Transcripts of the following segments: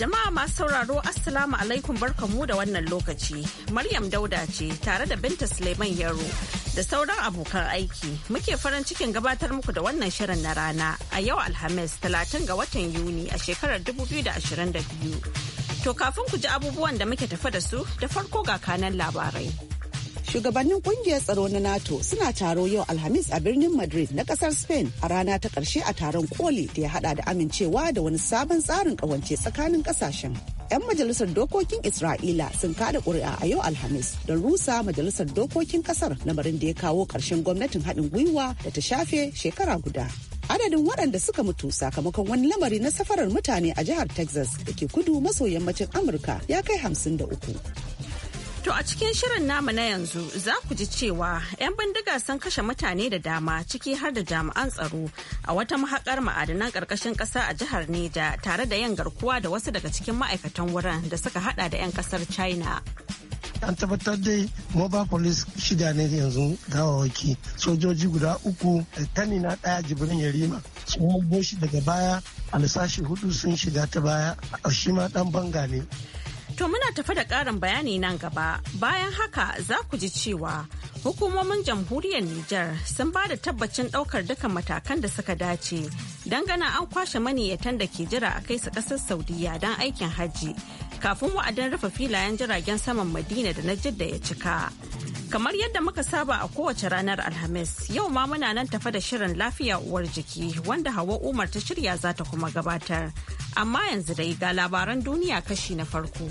Jama'a masu sauraro Assalamu alaikum barkamu da wannan lokaci. Maryam Dauda ce tare da Binta Suleiman Yaro da sauran abokan aiki. Muke farin cikin gabatar muku da wannan shirin na rana a yau Alhamis 30 ga watan Yuni a shekarar 2022. To kafin ku ji abubuwan da muke tafa da su da farko ga kanan labarai. Shugabannin kungiyar tsaro na NATO suna taro yau Alhamis a birnin Madrid na kasar Spain a rana ta karshe a taron koli da ya hada da amincewa da wani sabon tsarin kawance tsakanin kasashen. 'Yan majalisar dokokin Isra'ila sun kada ƙuri'a a yau Alhamis don rusa majalisar dokokin kasar lamarin da ya kawo karshen gwamnatin haɗin gwiwa da ta shafe shekara guda. adadin waɗanda suka mutu sakamakon wani lamari na safarar mutane a jihar texas da ke kudu maso yammacin amurka ya kai hamsin da uku. To a cikin shirin namu na yanzu za ku ji cewa 'yan bindiga sun kashe mutane da dama ciki har da jami'an tsaro a wata mahakar ma'adanan ƙarƙashin ƙasa a jihar Neja tare da yan garkuwa da wasu daga cikin ma'aikatan wurin da suka hada da 'yan ƙasar China. an tabbatar dai mobile police shida ne yanzu gawawaki sojoji guda uku tani na daya jibrin yarima sun shi daga baya alisashi hudu sun shiga ta baya a shi ma dan banga ne To muna tafa da ƙarin bayani nan gaba. Bayan haka za ku ji cewa hukumomin jamhuriyar Nijar sun ba da tabbacin ɗaukar duka matakan da suka dace. Dangana an kwashe maniyyatan da ke jira a kai su ƙasar Saudiya don aikin hajji. Kafin wa'adin rufe filayen jiragen saman Madina da na Jidda ya cika. Kamar yadda muka saba a kowace ranar Alhamis, yau ma muna nan tafa da shirin lafiya uwar jiki wanda Hawa Umar ta shirya za ta kuma gabatar. Amma yanzu dai ga labaran duniya kashi na farko.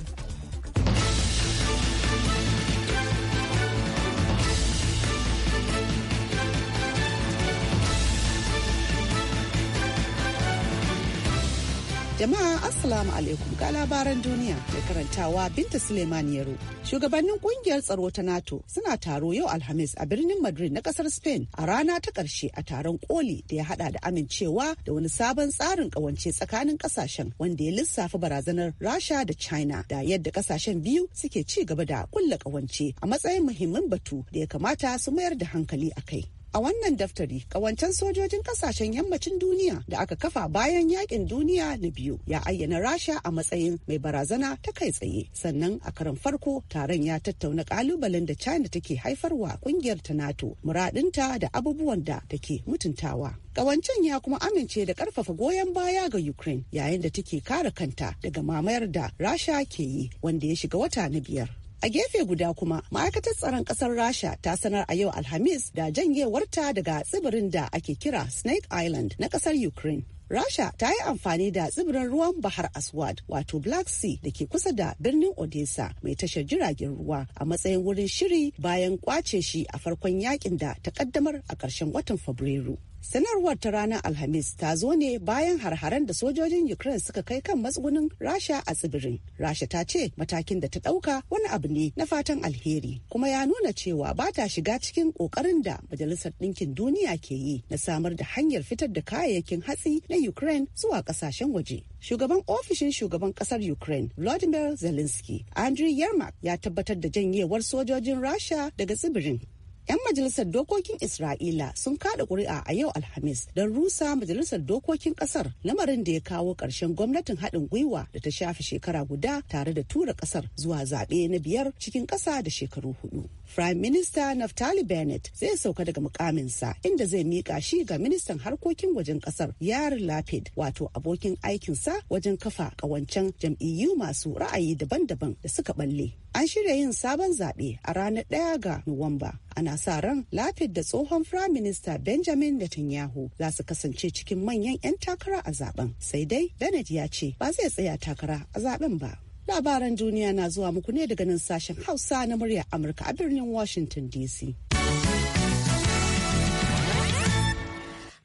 Jama'a Assalamu alaikum ga labaran duniya da karantawa Binta Suleiman Yaro. Shugabannin kungiyar tsaro ta NATO suna taro yau Alhamis a birnin Madrid na kasar Spain a rana ta karshe a taron koli da ya hada da amincewa da wani sabon tsarin kawance tsakanin kasashen wanda ya lissafa barazanar Rasha da China da yadda kasashen biyu suke ci gaba da kulla kawance a matsayin muhimmin batu da ya kamata su mayar da hankali a kai. A wannan daftari, kawancen sojojin kasashen yammacin duniya da aka kafa bayan yakin duniya na biyu ya ayyana Rasha a matsayin mai barazana ta kai tsaye. Sannan a karan farko taron ya tattauna kalubalen da China take haifarwa kungiyar ta NATO, muradinta da abubuwan da take mutuntawa. Kawancen ya kuma amince da karfafa goyon baya ga Ukraine yayin da take kare kanta daga mamayar da Rasha ke yi wanda ya shiga wata na biyar. A gefe guda kuma, ma'aikatar tsaron ƙasar Rasha ta sanar a yau Alhamis da janyewarta daga tsibirin da ake kira Snake Island na ƙasar Ukraine. Rasha ta yi amfani da tsibirin ruwan Bahar Aswad wato Black Sea da ke kusa da birnin Odessa mai tashar jiragen ruwa a matsayin wurin shiri bayan kwace shi a farkon yakin da ta kaddamar a ƙarshen watan Fabrairu. sanarwar ta ranar alhamis ta zo ne bayan harharen da sojojin ukraine suka kai kan matsugunin rasha a tsibirin rasha ta ce matakin da ta ɗauka wani abu ne na fatan alheri kuma ya nuna cewa ba ta shiga cikin ƙoƙarin da majalisar ɗinkin duniya ke yi na samar da hanyar fitar da kayayyakin hatsi na Ukraine zuwa kasashen waje. Shugaban ofishin shugaban ƙasar Ukraine, Vladimir Zelensky, Andriy Yermak ya tabbatar da janyewar sojojin Rasha daga tsibirin 'Yan majalisar dokokin Isra'ila sun kada kuri'a a yau Alhamis don rusa majalisar dokokin kasar lamarin da ya kawo ƙarshen gwamnatin haɗin gwiwa da ta shafi shekara guda tare da tura kasar zuwa zaɓe na biyar cikin ƙasa da shekaru hudu. Prime Minister Naftali Bennett zai sauka daga mukaminsa inda zai miƙa shi ga ministan harkokin wajen ƙasar yari Lapid wato abokin aikinsa wajen kafa ƙawancen jam'iyyu masu ra'ayi daban-daban da suka balle. An shirya yin sabon zaɓe a ranar ɗaya ga Nuwamba. ana sa ran lafid da tsohon firaminista benjamin netanyahu za su kasance cikin manyan 'yan takara a zaben sai dai benet ya ce ba zai tsaya takara a zaben ba labaran duniya na zuwa muku ne daga nan sashen hausa na muryar amurka a birnin washington dc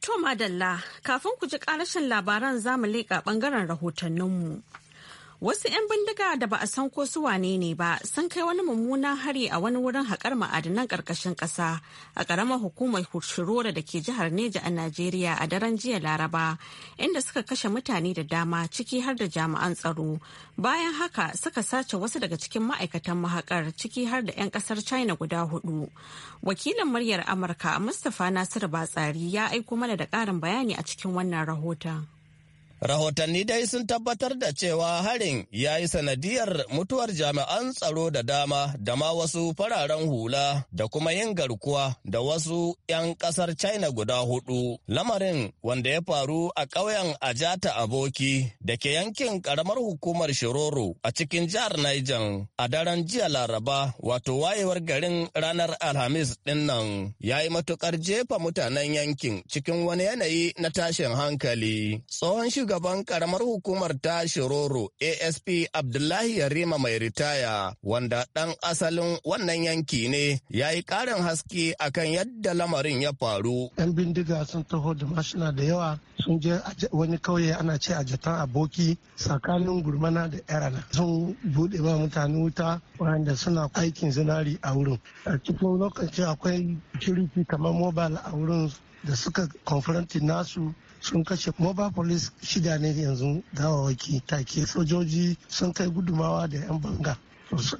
to madalla kafin ku ji ƙarashin labaran za mu leƙa ɓangaren rahotanninmu. Wasu 'yan bindiga da ba a san ko su wane ne ba sun kai wani mummunan hari a wani wurin haƙar ma'adanan ƙarƙashin ƙasa a ƙaramar hukumar Shirora da ke jihar Neja a Najeriya a daren jiya Laraba inda suka kashe mutane da dama ciki har da jami'an tsaro. Bayan haka suka sace wasu daga cikin ma'aikatan mahaƙar ciki har da 'yan ƙasar China guda hudu. Wakilin muryar Amurka Mustapha Nasiru Batsari ya aiko mana da ƙarin bayani a cikin wannan rahoton. Rahotanni dai sun tabbatar da cewa harin ya yi sanadiyar mutuwar jami'an tsaro da dama da ma wasu fararen hula da kuma yin garkuwa da wasu 'yan kasar China guda hudu. Lamarin wanda ya faru a ƙauyen Ajata Aboki da ke yankin ƙaramar hukumar Shiroro a cikin jihar Niger a daren jiya Laraba wato wayewar garin ranar Alhamis ɗin nan ya yi matuƙar jefa mutanen yankin cikin wani yanayi na tashin hankali. Tsohon shugaban karamar hukumar ta Shiroro ASP Abdullahi Yarima mai ritaya wanda ɗan asalin wannan yanki ne ya yi karin haske akan yadda lamarin ya faru. 'Yan bindiga sun taho da mashina da yawa sun je wani kauye ana ce a jatan aboki tsakanin gurmana da yarana sun buɗe ma mutane wuta wanda suna aikin zinari a wurin. A cikin lokaci akwai kiriki kamar mobile a wurin da suka confronti nasu sun kashe mobile police shida ne yanzu gawawaki take sojoji sun kai gudumawa da 'yan banga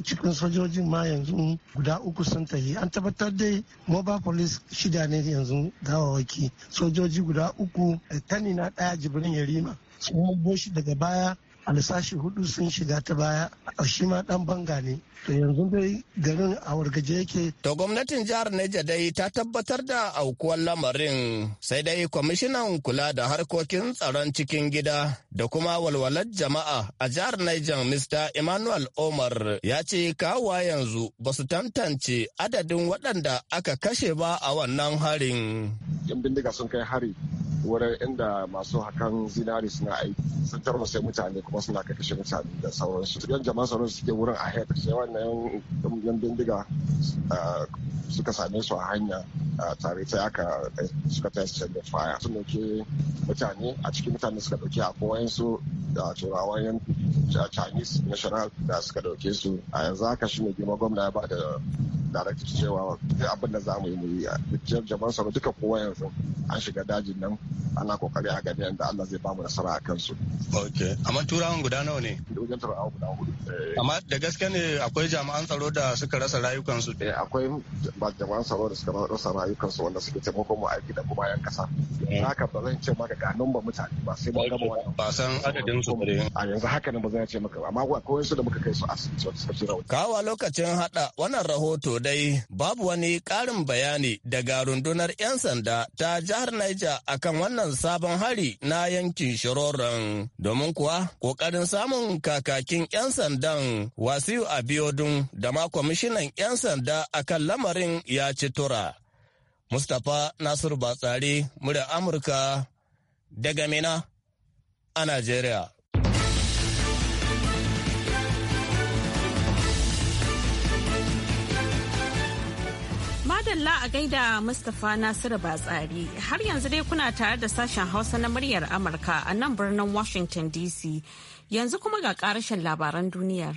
cikin sojojin ma yanzu guda uku sun tafi an tabbatar dai mobile police shida ne yanzu gawawaki sojoji guda uku eh, tani na daya jibrin yarima sun shi daga baya alsashi hudu sun shiga ta baya a shi ma dan banga ne to yanzu dai garin a wargaje yake to gwamnatin jihar Neja dai ta tabbatar da aukuwar lamarin sai dai kwamishinan kula da harkokin tsaron cikin gida da kuma walwalar jama'a a jihar neja Mr Emmanuel Omar ya ce kawa yanzu ba su tantance adadin waɗanda aka kashe ba a wannan harin yan wurin inda masu hakan zinari suna aiki sun sai mutane kuma suna kashe mutane da sauransu yan jama'a sauran suke wurin a haifar sai wannan yan bindiga suka same su a hanya tare ta aka eh, suka ta yi da faya sun dauke mutane a cikin mutane suka dauke a kowayensu da turawa yan chinese national da suka dauke su a yanzu haka shi ne girma gwamna ya ba da directive cewa abin da za mu yi mu yi a jama'a sauran duka kowa yanzu an shiga dajin nan ana kokari a gani yadda Allah zai bamu nasara a kansu. Ok, amma turawan guda nawa ne? Wajen turawan guda hudu. Eh. Amma da gaske ne akwai jami'an tsaro da suka rasa rayukansu? Eh, akwai jami'an tsaro da suka rasa rayukansu wanda suke taimakon mu aiki da kuma yan kasa. Eh. Haka ba zan ce maka ga nan ba mutane ba sai mun gama wannan. Ba san adadin su ne. A yanzu haka ne ba zan ce maka ba, amma akwai su da muka kai su asibiti wanda suka ci rauni. Kawa lokacin hada wannan rahoto dai babu wani karin bayani daga rundunar 'yan sanda ta jihar Niger akan wannan sabon hari na yankin shiroron domin kuwa kokarin samun kakakin 'yan sandan wasiu abiodun da ma kwamishinan 'yan sanda a kan lamarin ya ci tura mustapha nasiru batsari murya amurka daga mina a najeriya madalla a gaida Mustapha Nasiru Batsari har yanzu dai kuna tare da sashen Hausa na muryar Amurka a nan birnin Washington DC yanzu kuma ga karashen labaran duniyar.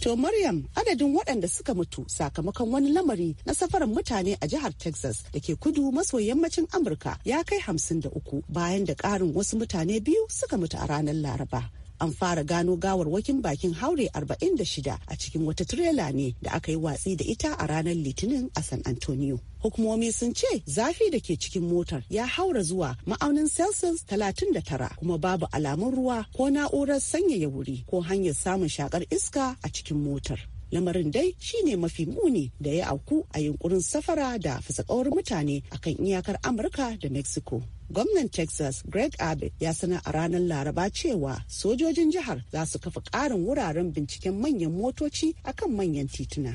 To Maryam adadin waɗanda suka mutu sakamakon wani lamari na safarin mutane a jihar Texas da ke kudu maso yammacin Amurka ya kai hamsin da uku bayan da ƙarin wasu mutane biyu suka mutu a ranar Laraba. an fara gano gawarwakin bakin haure 46 a cikin wata tirela ne da aka yi watsi da ita a ranar litinin a san antonio hukumomi sun ce zafi da ke cikin motar ya haura zuwa ma'aunin celsius 39 kuma babu alamun ruwa ko na'urar sanyaya wuri ko hanyar samun shakar iska a cikin motar lamarin dai shine mafi muni da ya auku a yunkurin safara da fasakawar mutane akan iyakar amurka da mexico Gwamnan Texas Greg Abbott ya sana a ranar Laraba cewa sojojin jihar za su kafa ƙarin wuraren binciken manyan motoci a kan manyan tituna.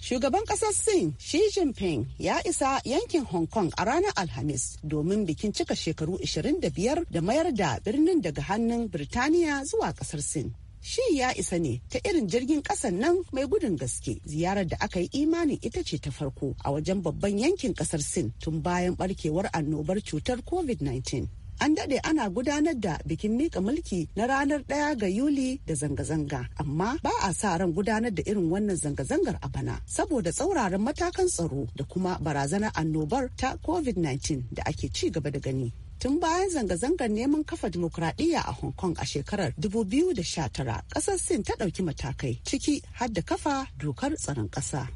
Shugaban kasar Sin Xi Jinping ya isa yankin Hong Kong a ranar Alhamis domin bikin cika shekaru 25 da mayar da birnin daga hannun Birtaniya zuwa kasar Sin. shi ya isa ne ta irin jirgin kasan nan mai gudun gaske ziyarar da aka yi imanin ita ce ta farko a wajen babban yankin ƙasar sin tun bayan barkewar annobar cutar covid-19 an daɗe ana gudanar da bikin mika mulki na ranar 1 ga yuli da zanga-zanga amma ba a sa ran gudanar da irin wannan zanga-zangar a bana saboda tsauraran matakan tsaro da kuma barazanar annobar ta covid-19 da ake ci gaba da gani tun bayan zanga-zangar neman kafa dimokuraɗiyya a hong kong a shekarar 2019 ƙasar sin ta ɗauki matakai ciki har da kafa dokar tsaron ƙasa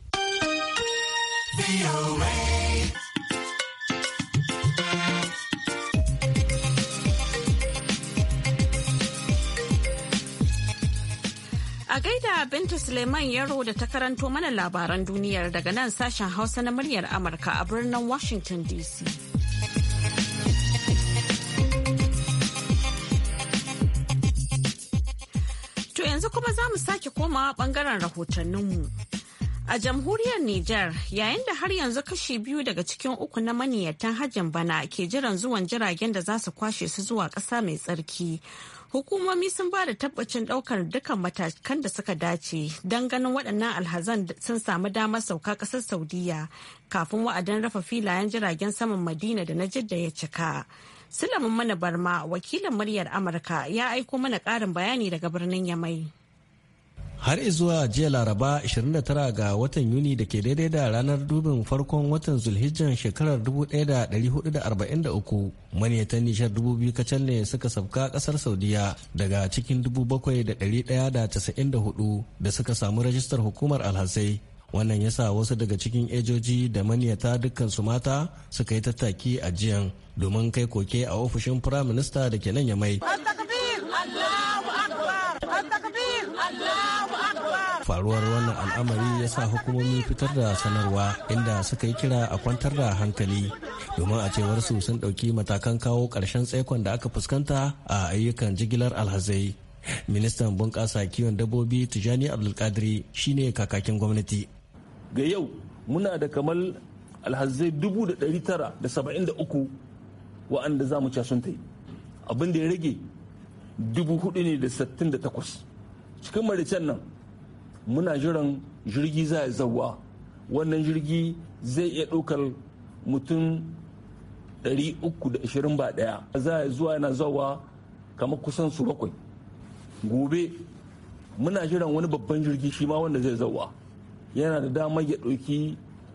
A gaida Binta Suleiman Yaro da ta karanto mana labaran duniyar daga nan sashen Hausa na muryar Amurka a birnin Washington DC. yanzu kuma za mu sake komawa bangaren rahotanninmu. A jamhuriyar Nijar yayin da har yanzu kashi biyu daga cikin uku na maniyyatan hajjin bana ke jiran zuwan jiragen da za su kwashe su zuwa ƙasa mai tsarki. Hukumomi sun ba da tabbacin ɗaukar dukkan matakan da suka dace don ganin waɗannan alhazan sun samu damar sauka ƙasar Saudiya kafin wa'adin rafa filayen jiragen saman Madina da na Jidda ya cika. silamin mana barma wakilin muryar Amurka ya aiko mana karin bayani daga birnin Yamai. Har zuwa jiya Laraba 29 ga watan Yuni da ke daidai da ranar dubin farkon watan Zulhijjan shekarar 1443 manyatan nishar 2000 kacal ne suka sabka kasar Saudiya daga cikin 7,194 da suka samu rajistar hukumar alhassai wannan ya sa wasu daga cikin ejoji da maniyata dukkansu mata suka yi tattaki a jiyan domin kai koke a ofishin firayim minista da ke nan ya mai faruwar wannan al'amari ya sa hukumomi fitar da sanarwa inda suka yi kira a kwantar da hankali domin a cewar su sun ɗauki matakan kawo ƙarshen tsaikon da aka fuskanta a ayyukan jigilar alhazai ministan bunƙasa kiwon dabbobi tijani abdulkadiri shine kakakin gwamnati ga yau muna da kamar alhazai 1973 wa'anda za mu ca sun ta yi abin da ya rage 468 cikin maricen nan muna jiran jirgi za ya zauwa wannan jirgi zai iya ɗaukar mutum 320 ba daya. za ya zuwa yana zawa kamar kusan su bakwai gobe muna jiran wani babban jirgi shi ma wanda zai zawa yana da damar ya ɗauki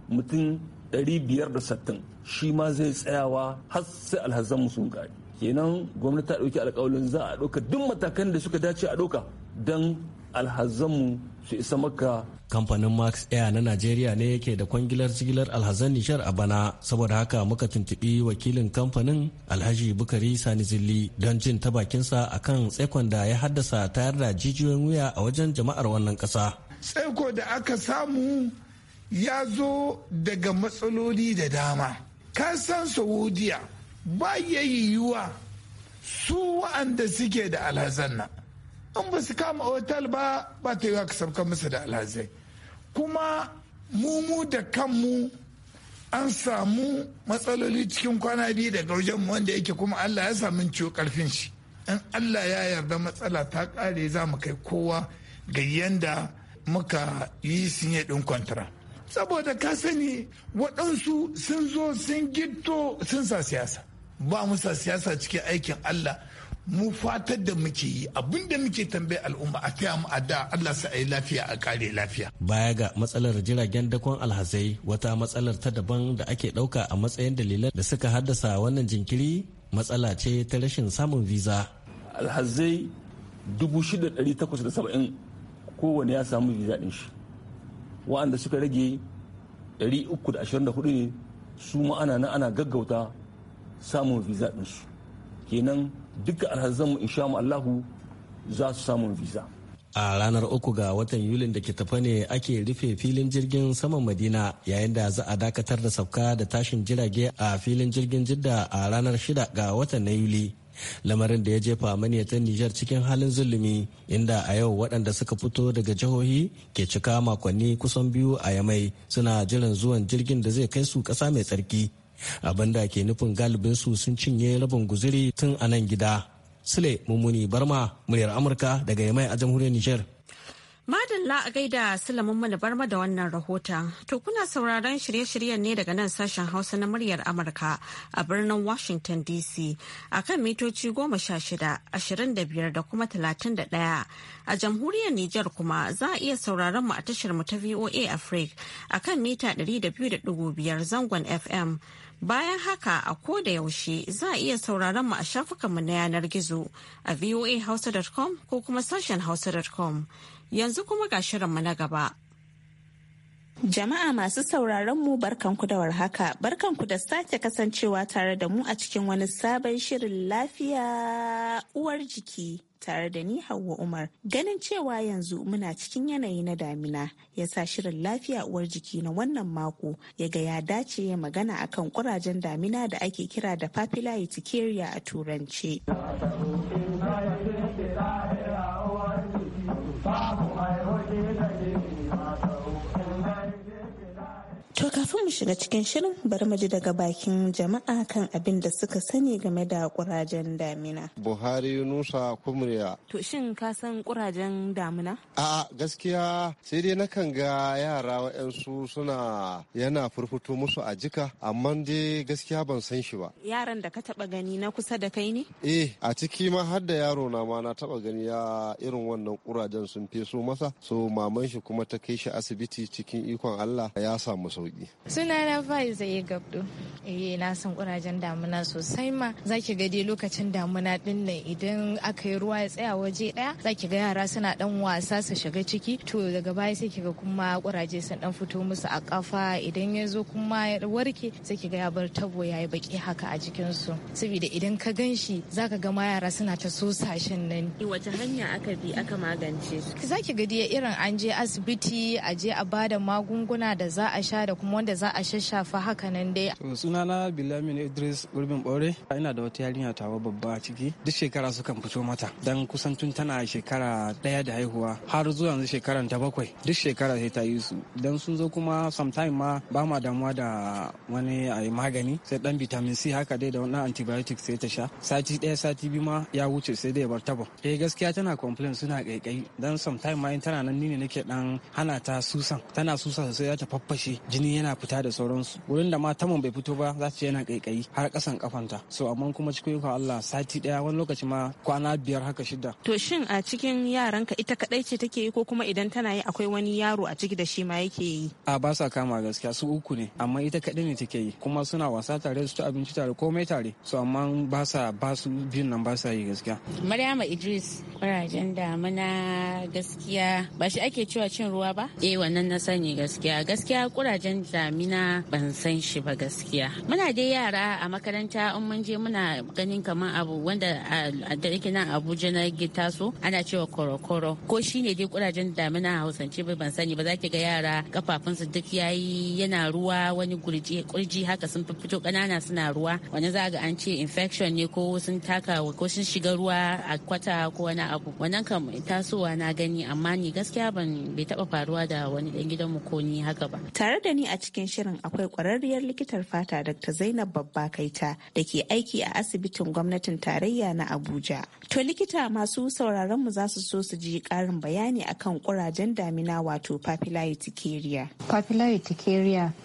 mutum 560 shi ma zai tsayawa har sai alhazan sun kare kenan gwamnati ta ɗauki alƙawalin za a ɗauka duk matakan da suka dace a ɗauka don alhazanmu su isa maka kamfanin max air na najeriya ne yake da kwangilar jigilar alhazan nishar a bana saboda haka muka tuntubi wakilin kamfanin alhaji bukari sani zilli don jin ta bakinsa akan tsaikon da ya haddasa tayar da jijiyoyin wuya a wajen jama'ar wannan kasa tsaiko da aka samu ya zo daga matsaloli da dama kasan saudiya ba ya yiwuwa su wa'anda suke da alhazan nan in ba su kama otal ba ba ta yiwa ka musu da alhazai kuma mumu da kanmu an samu matsaloli cikin kwana biyu daga wajen wanda yake kuma allah ya samu ciwo karfin shi in allah ya yarda matsala ta kare za mu kai kowa ga yanda muka yi sinye ɗin kwantara saboda ka sani waɗansu sun zo sun gito sun sa siyasa ba mu sa siyasa cikin aikin Allah mu fatar da muke yi abin da muke tambaye al'umma a taya mu a da Allah sa a yi lafiya a kare lafiya. Baya ga matsalar jiragen dakon alhazai wata matsalar ta daban da ake ɗauka a matsayin dalilan da suka haddasa wannan jinkiri matsala ce ta rashin samun visa. Alhazai saba'in. kowane ya samu visa din shi wa'anda suka rage 324 ne su ma'ana ana na ana gaggauta samun visa su kenan duka alhazanmu insha Allahu za su samun visa a ranar uku ga watan yulin da ke tafa ne ake rufe filin jirgin saman madina yayin da za a dakatar da sauka da tashin jirage a filin jirgin jidda a ranar shida ga watan na yuli lamarin da ya jefa maniyatan Nijar cikin halin zulumi inda a yau waɗanda suka fito daga jihohi ke cika makonni kusan biyu a yamai suna jiran zuwan jirgin da zai kai su ƙasa mai tsarki abin da ke nufin galibin su sun cinye rabin guziri tun a nan gida sule mummuni barma muryar amurka daga yamai a jamhuriyar nijar Madalla a gaida Sulaiman mana barma da wannan rahoton. To kuna sauraron shirye-shiryen ne daga nan sashen Hausa na muryar Amurka a birnin Washington DC a kan mitoci goma sha shida, ashirin da biyar da kuma talatin da ɗaya. A jamhuriyar Nijar kuma za a iya sauraron mu a tashar mu ta VOA Africa a kan mita ɗari da biyu da ɗigo biyar zangon FM. Bayan haka a ko da yaushe za a iya sauraron mu a shafukanmu na yanar gizo a voahausa.com ko kuma sashen hausa.com. Yanzu kuma ga shirin mu na gaba. Jama'a masu sauraron mu barkanku da warhaka, barkanku da sake kasancewa tare da mu a cikin wani sabon shirin lafiya uwar jiki. tare da ni Hauwa Umar. Ganin cewa yanzu muna cikin yanayi na damina ya sa shirin lafiya uwar jiki na wannan mako ya ga ya dace ya magana akan kurajen damina da ake kira da papilla urticaria a turance. To kafin mu shiga cikin shirin bari mu ji daga bakin jama'a kan abin da suka sani game da kurajen damina. Buhari Nusa Kumriya. To shin ka san kurajen damina? A gaskiya sai dai nakan ga yara wa'yansu suna yana furfuto musu a jika amma dai gaskiya ban san shi ba. Yaran da ka taba gani na kusa da kai ne? Eh a ciki ma har da yaro na ma na taba gani ya irin wannan kurajen sun feso masa so maman shi kuma ta kai shi asibiti cikin ikon Allah ya samu sau sauki. Sunana Faiza ya gabdo. Eh na san kurajen damuna sosai ma zaki ga dai lokacin damuna din nan idan aka yi ruwa ya tsaya waje daya zaki ga yara suna dan wasa su shiga ciki to daga baya sai ki ga kuma kuraje sun dan fito musu a kafa idan ya zo kuma ya warke sai kiga ya bar tabo ya yi baki haka a jikin su saboda idan ka gan shi zaka ga ma yara suna ta sosashen nan. Wace hanya aka bi aka magance su? Zaki ga dai irin an je asibiti a je a bada magunguna da za a sha da kuma wanda za a shashafa haka nan dai. To sunana Bilamin Idris Gurbin Bore ina da wata yarinya tawa babba a ciki duk shekara sukan fito mata dan kusan tun tana shekara daya da haihuwa har zuwa yanzu shekaran ta bakwai duk shekara sai ta yi su dan sun zo kuma sometime ma ba ma damuwa da wani a magani sai dan vitamin C haka dai da wani antibiotics sai ta sha sati daya sati biyu ma ya wuce sai dai bar tabo eh gaskiya tana complain suna kaikai dan sometime ma in tana nan ni ne nake dan hana ta susan tana susa sai ta faffashe jini jini yana fita da sauransu wurin da ma taman bai fito ba za su yana kaikayi har kasan kafanta so amma kuma cikin ikon Allah sati daya wani lokaci ma kwana biyar haka shida to shin a cikin yaranka ita kadai ce take yi ko kuma idan tana yi akwai wani yaro a ciki da shi ma yake yi a ba sa kama gaskiya su uku ne amma ita kadai ne take yi kuma suna wasa tare su ci abinci tare komai tare so amma ba sa ba su biyun nan ba sa yi gaskiya Maryama Idris da damuna gaskiya ba shi ake cewa cin ruwa ba eh wannan na sani gaskiya gaskiya kurajen malam Jamina ban san shi ba gaskiya. Muna dai yara a makaranta in mun je muna ganin kamar abu wanda a da nan Abuja na gita so ana cewa korokoro ko shine dai kurajen damina a Hausance ba ban sani ba za ki ga yara kafafunsu duk yayi yana ruwa wani kurji haka sun fito kanana suna ruwa wani za ga an ce infection ne ko sun taka ko sun shiga ruwa a kwata ko wani abu wannan kam tasowa na gani amma ni gaskiya ban bai taba faruwa da wani dan gidanmu ko ni haka ba tare da ni ne a cikin shirin akwai kwararriyar likitar fata Dr. Zainab Babba Kaita da ke aiki a asibitin gwamnatin tarayya na Abuja. To likita masu sauraron mu za su so su ji karin bayani akan kurajen damina wato papillary urticaria.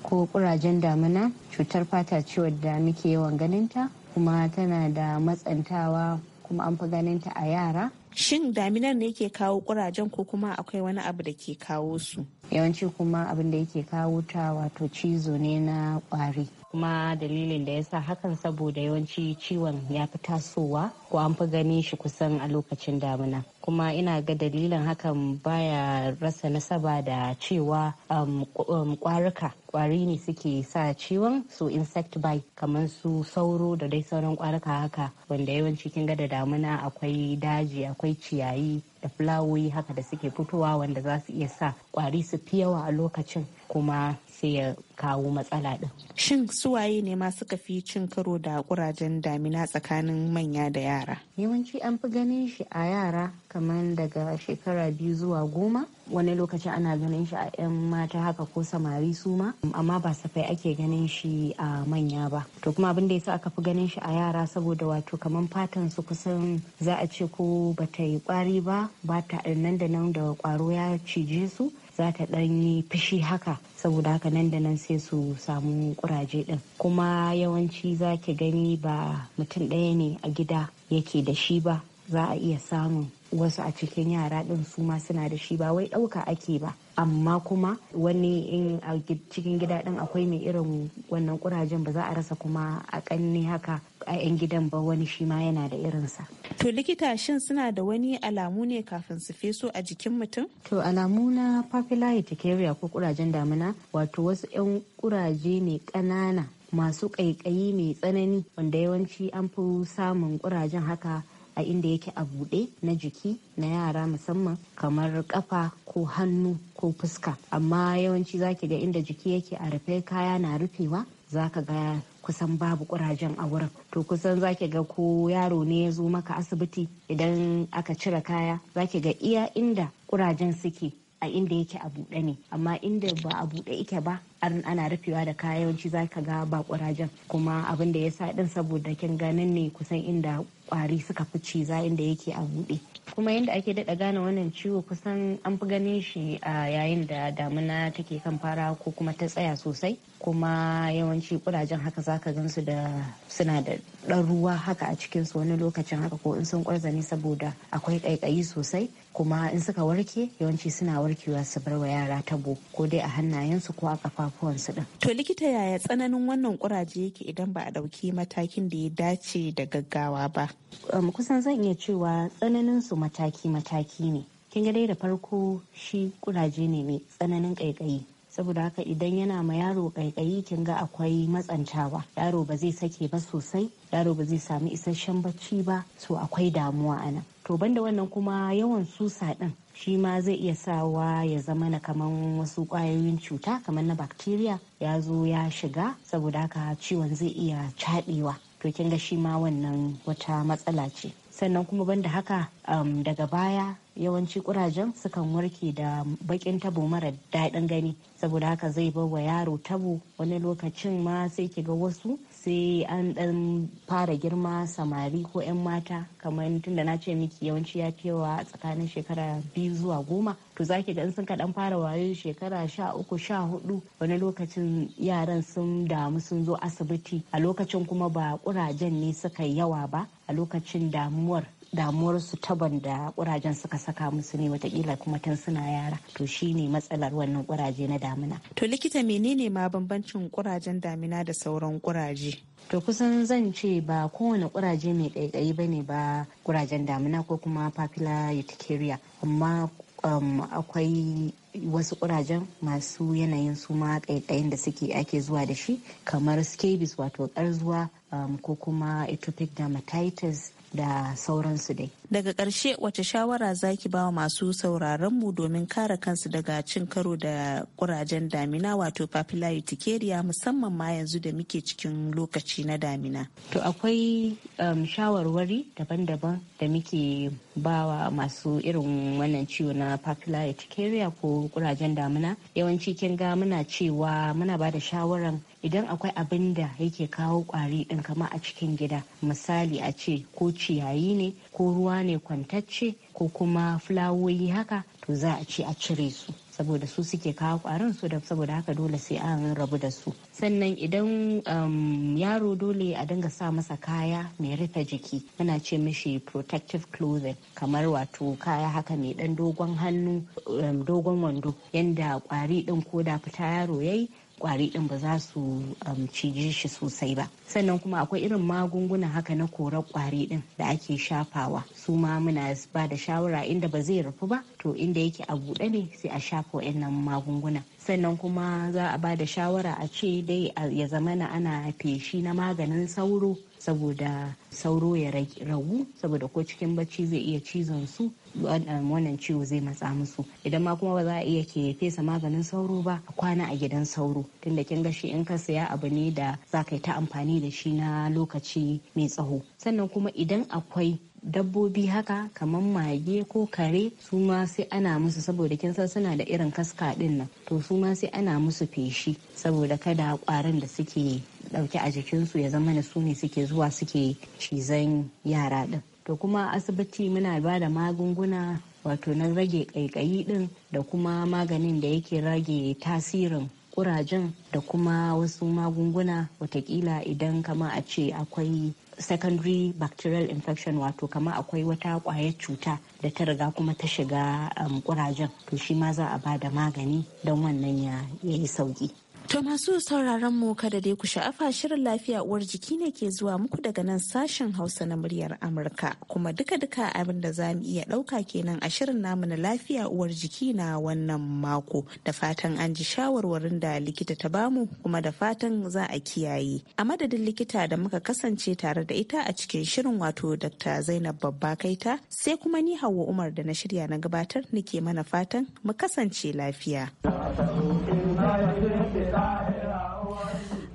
ko kurajen damina cutar fata ce wadda muke yawan ganinta kuma tana da matsantawa kuma an fi ganinta a yara shin daminar ne ke kawo kurajen ko kuma akwai wani abu da ke kawo su yawanci kuma abin da yake kawo ta wato cizo ne na kwari kuma dalilin da ya sa hakan saboda yawanci ciwon ya fi tasowa ko an fi gani shi kusan a lokacin damina kuma ina ga dalilin hakan baya rasa nasaba da cewa um, um, kwaruka kwari ne suke sa ciwon su insect bite kamar su sauro da dai sauran kwarika haka wanda yawanci kin ga da damuna akwai daji akwai ciyayi da fulawoyi haka da suke fitowa wanda za su iya sa kwari su fi yawa a lokacin kuma sai ya kawo matsala din. Shin suwaye ne ma suka fi cin karo da kurajen damina tsakanin manya da yara? Yawanci an fi ganin shi a yara kamar daga shekara biyu zuwa goma. Wani lokaci ana ganin shi a 'yan mata haka ko samari su ma, amma ba safai ake ganin shi a manya ba. To kuma abin da ya sa aka fi ganin shi a yara saboda wato kamar fatan su kusan za a ce ko bata yi kwari ba, ba ta nan da nan da kwaro ya cije su. za ta ɗan yi fushi haka saboda haka nan da nan sai su samu kuraje ɗin kuma yawanci za ki gani ba mutum ɗaya ne a gida yake da shi ba za a iya samun wasu a cikin yara ɗin su ma suna da shi ba wai ɗauka ake ba amma kuma wani in a cikin gida ɗin akwai mai irin wannan kurajen ba za a rasa kuma a ƙanne haka a 'yan gidan ba wani shi ma yana da irinsa. To likita shin suna da wani alamu ne kafin su feso a jikin mutum? To alamu na papilla urticaria ko ƙurajen damina wato wasu 'yan ƙuraje ne ƙanana masu ƙaiƙayi mai tsanani wanda yawanci an fi samun ƙurajen haka a inda yake a buɗe na jiki na yara musamman kamar kafa ko hannu ko fuska amma yawanci zaki ga inda jiki yake a rufe kaya na rufewa zaka ga kusan babu kurajen a wurin to kusan zaki ga ko yaro ne ya zo maka asibiti idan aka cire kaya zaki ga iya inda kurajen suke a inda yake a buɗe ne amma inda ba a buɗe ike ba ana rufewa da kaya yawanci za ka ga ba ƙurajen kuma abin da ya sa ɗin saboda kin ganin ne kusan inda ƙwari suka fi ciza inda yake a buɗe kuma yadda ake daɗa gane wannan ciwo kusan an fi ganin shi a yayin da damina take kan fara ko kuma ta tsaya sosai kuma yawanci ƙurajen haka za ka gansu da suna da ɗan ruwa haka a cikinsu wani lokacin haka ko in sun ƙwarzani saboda akwai ƙaiƙayi sosai kuma in suka warke yawanci suna warkewa su bar wa yara tabo ko dai a hannayensu ko a kafafuwansu din. To likita yaya tsananin wannan kuraje yake idan ba a ɗauki matakin da ya dace da gaggawa ba? Um, kusan zan iya cewa tsananin su mataki mataki ne. Kin dai da farko shi kuraje ne mai tsananin ƙaiƙayi saboda haka idan yana ma yaro kaikayi kin ga akwai matsantawa yaro ba zai sake ba sosai yaro ba zai sami isasshen bacci ba so akwai damuwa a nan to banda wannan kuma yawan susa din shi ma zai iya sawa ya zama na kaman wasu kwayoyin cuta kamar na bacteria ya zo ya shiga saboda haka ciwon zai iya caɗewa to kin ga shi ma wannan wata matsala ce sannan kuma ban da haka um, daga baya yawanci kurajen sukan warke da bakin tabo mara daɗin gani saboda haka zai bar wa yaro tabo wani lokacin ma sai ki ga wasu sai an dan fara girma samari ko 'yan mata kamar tunda na ce miki yawanci ya cewa tsakanin shekara biyu zuwa goma to zaki ga in sun dan fara wayo shekara sha uku sha hudu wani lokacin yaran sun damu sun zo asibiti a lokacin kuma ba kurajen ne suka yawa ba a lokacin damuwar damuwarsu taban da kurajen suka saka musu ne watakila kuma tun suna yara to shine matsalar wannan kuraje na damina to likita menene ma bambancin kurajen damina da sauran kuraje to kusan zan ce ba kowane kuraje mai kaikayi ne ba kurajen damina ko kuma popular urticaria amma um, akwai wasu kurajen masu yanayin su ma kaikayin da suke ake zuwa da shi kamar scabies wato ƙarzuwa um, ko kuma atopic dermatitis da sauransu dai. Daga ƙarshe wace shawara zaki ba wa masu sauraron mu domin kare kansu daga cin karo da kurajen damina wato papilla urticaria musamman ma yanzu da muke cikin lokaci na damina. To akwai um, shawarwari daban-daban da muke bawa masu irin wannan ciwo na papilla urticaria ko kurajen damina yawanci kin ga muna cewa muna ba da shawaran idan akwai abin da yake kawo kwari din kama a cikin gida misali a ce ko ciyayi ne ko ruwa ne kwantacce ko kuma fulawoyi haka to za a ce a cire su saboda su suke kawo kwarin su da saboda haka dole sai an rabu da su sannan idan um, yaro dole a dinga sa masa kaya mai rufe jiki muna ce mishi protective clothing kamar wato kaya haka mai dan dogon hannu um, dogon wando yanda kwari din ko da fita yaro yayi kwari din ba za su um, cije shi sosai ba sannan kuma akwai irin magunguna haka na korar kwari din da ake shafawa su ma muna ba da shawara inda ba zai rufu ba to inda yake a buɗe ne sai a shafa wa'annan magunguna sannan kuma za a ba da shawara a ce dai ya zamana ana feshi na maganin sauro saboda sauro ya ragu saboda ko cikin bacci zai iya cizon su wannan ciwo zai matsa musu idan ma kuma ba za a iya ke fesa maganin sauro ba a kwana a gidan sauro tunda kin ga shi in ka siya abu ne da za ka yi ta amfani da shi na lokaci mai tsaho sannan kuma idan akwai dabbobi haka kamar mage ko kare su ma sai ana musu saboda kin san suna da irin kaska din nan to su ma sai ana musu feshi saboda kada kwarin da suke dauke a jikinsu ya zama da su ne suke zuwa suke cizon yara din to kuma asibiti muna ba da magunguna wato na rage ƙaiƙayi ɗin da kuma maganin da yake rage tasirin kurajen da kuma wasu magunguna watakila idan kama a ce akwai secondary bacterial infection wato kama akwai wata kwayar cuta da ta riga kuma ta shiga kurajen um, to shi ma za a ba da magani don wannan ya yi sauki To masu sauraron mu kada dai ku sha'afa shirin lafiya uwar jiki ne ke zuwa muku daga nan sashen Hausa na muryar Amurka kuma duka-duka abin da za mu iya ɗauka kenan a shirin namu na lafiya uwar jiki na wannan mako da fatan an ji shawarwarin da likita ta bamu kuma da fatan za a kiyaye. A madadin likita da muka kasance tare da ita a cikin shirin wato Dr. Zainab Babba Kaita sai kuma ni Hauwa Umar da na shirya na gabatar nake mana fatan mu kasance lafiya.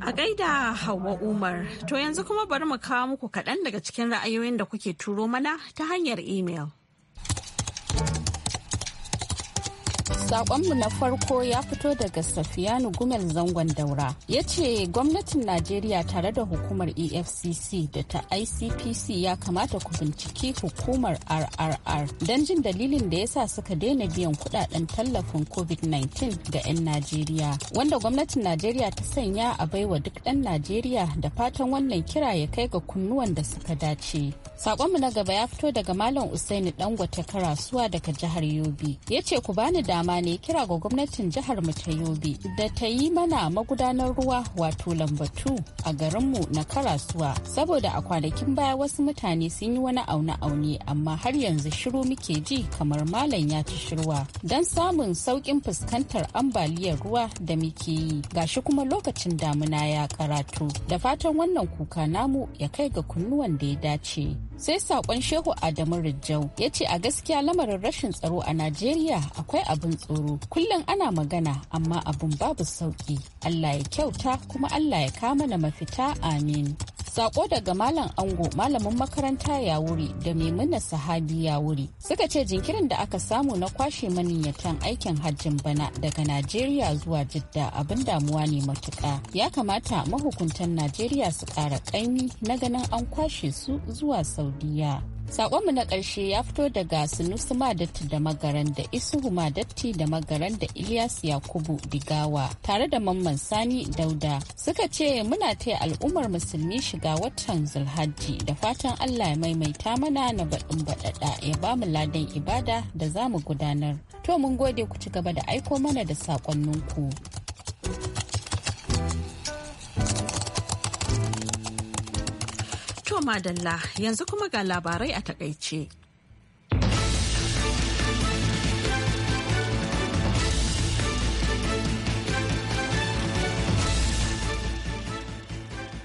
A gaida Hauwa Umar, to yanzu kuma bari mu kawo muku kaɗan daga cikin ra'ayoyin da kuke turo mana ta hanyar email Sakonmu na farko ya fito daga Safiyanu Gumel Zangon Daura. Ya ce gwamnatin Najeriya tare da hukumar EFCC da ta ICPC ya kamata ku binciki hukumar RRR don jin dalilin da ya sa suka daina biyan kudaden tallafin COVID-19 ga 'yan Najeriya. Wanda gwamnatin Najeriya ta sanya a baiwa duk ɗan Najeriya da fatan wannan kira ya kai ga kunnuwan da suka dace. Sakonmu na gaba ya fito daga Malam Usaini Dangote Karasuwa daga jihar Yobe. Ya ce ku bani dama ma ne kira ga gwamnatin jihar mu ta Yobe da ta yi mana magudanar ruwa wato lambatu a garinmu na Karasuwa saboda a kwanakin baya wasu mutane sun yi wani aune-aune amma har yanzu shiru muke ji kamar malam ya ci shirwa don samun sauƙin fuskantar ambaliyar ruwa da muke yi gashi kuma lokacin damuna ya karatu da fatan wannan kuka namu ya kai ga kunnuwan da ya dace. sai sakon shehu adamu rijau ya ce a gaskiya lamarin rashin tsaro a najeriya akwai abin tsoro kullum ana magana amma abin babu sauki allah ya kyauta kuma allah ya kama na mafita amin sako daga malam ango malamin makaranta ya wuri da maimuna sahabi ya wuri suka ce jinkirin da aka samu na kwashe maniyyatan aikin hajjin bana daga najeriya zuwa jidda abin damuwa ne matuka ya kamata mahukuntan najeriya su kara ƙaimi na ganin an kwashe su zuwa sau Saudiya. saƙonmu na ƙarshe ya fito daga Sunusu Madatti da Magaran da Isuhu datti da Magaran da Ilyas Yakubu Digawa tare da Mamman Sani Dauda suka ce muna taya al'ummar musulmi shiga watan Zulhajji da fatan Allah ya maimaita mana na baɗin baɗaɗa ya ba mu ladan ibada da za mu gudanar. To mun gode ku ci gaba da aiko mana da saƙonninku madalla yanzu kuma ga labarai a takaice.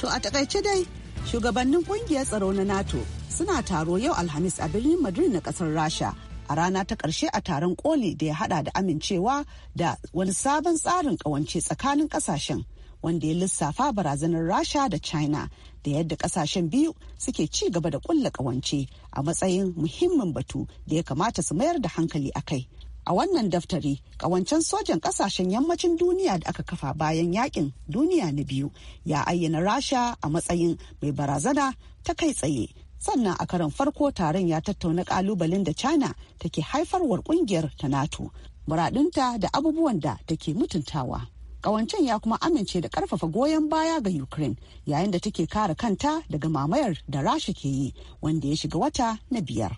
To a takaice dai shugabannin kungiyar tsaro na NATO suna taro yau Alhamis a birnin Madrid na kasar Rasha a rana ta ƙarshe a taron koli da ya hada da amincewa da wani sabon tsarin ƙawance tsakanin ƙasashen wanda ya lissafa barazanar Rasha da China da yadda kasashen biyu suke ci gaba da kulla kawance a matsayin muhimmin batu da ya kamata su mayar da hankali a kai. A wannan daftari, kawancen sojan kasashen yammacin duniya da aka kafa bayan yakin duniya na biyu ya ayyana rasha a matsayin mai barazana ta kai tsaye. Sannan a karan farko taron ya tattauna kalubalen da China take haifarwar kungiyar ta NATO, muradinta da abubuwan da take mutuntawa. Ƙawancen ya kuma amince da karfafa goyon baya ga Ukraine yayin da take kare kanta daga mamayar da Rasha ke yi wanda ya shiga wata na biyar.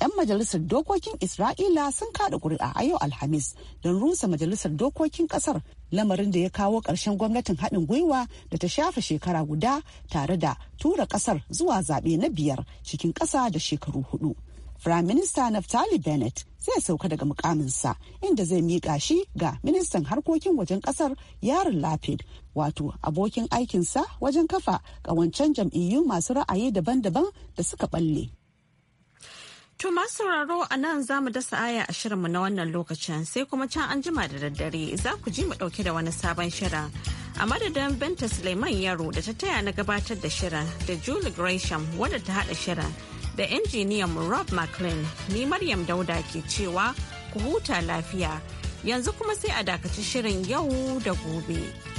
'Yan majalisar dokokin Isra'ila sun kada ƙuri'a a yau Alhamis don rusa majalisar dokokin kasar lamarin da ya kawo ƙarshen gwamnatin haɗin gwiwa da ta shafe shekara guda tare da tura ƙasar zuwa zaɓe na biyar cikin ƙasa da shekaru hudu. Prime Minister Naftali Bennett zai sauka daga mukaminsa inda zai miƙa shi ga ministan harkokin wajen ƙasar yaron Lapid wato abokin aikinsa wajen kafa ƙawancen jam'iyyu masu ra'ayi daban-daban da suka balle. To masu sauraro a nan za mu dasa aya a shirinmu na wannan lokacin sai kuma can an jima da daddare za ku ji mu ɗauke da wani sabon shirin. a madadin Benta suleiman yaro da ta taya na gabatar da shirin da julie gresham wadda ta hada shirin da injiniyan rob mclean ni maryam dauda ke cewa ku huta lafiya yanzu kuma sai a dakaci shirin yau da gobe.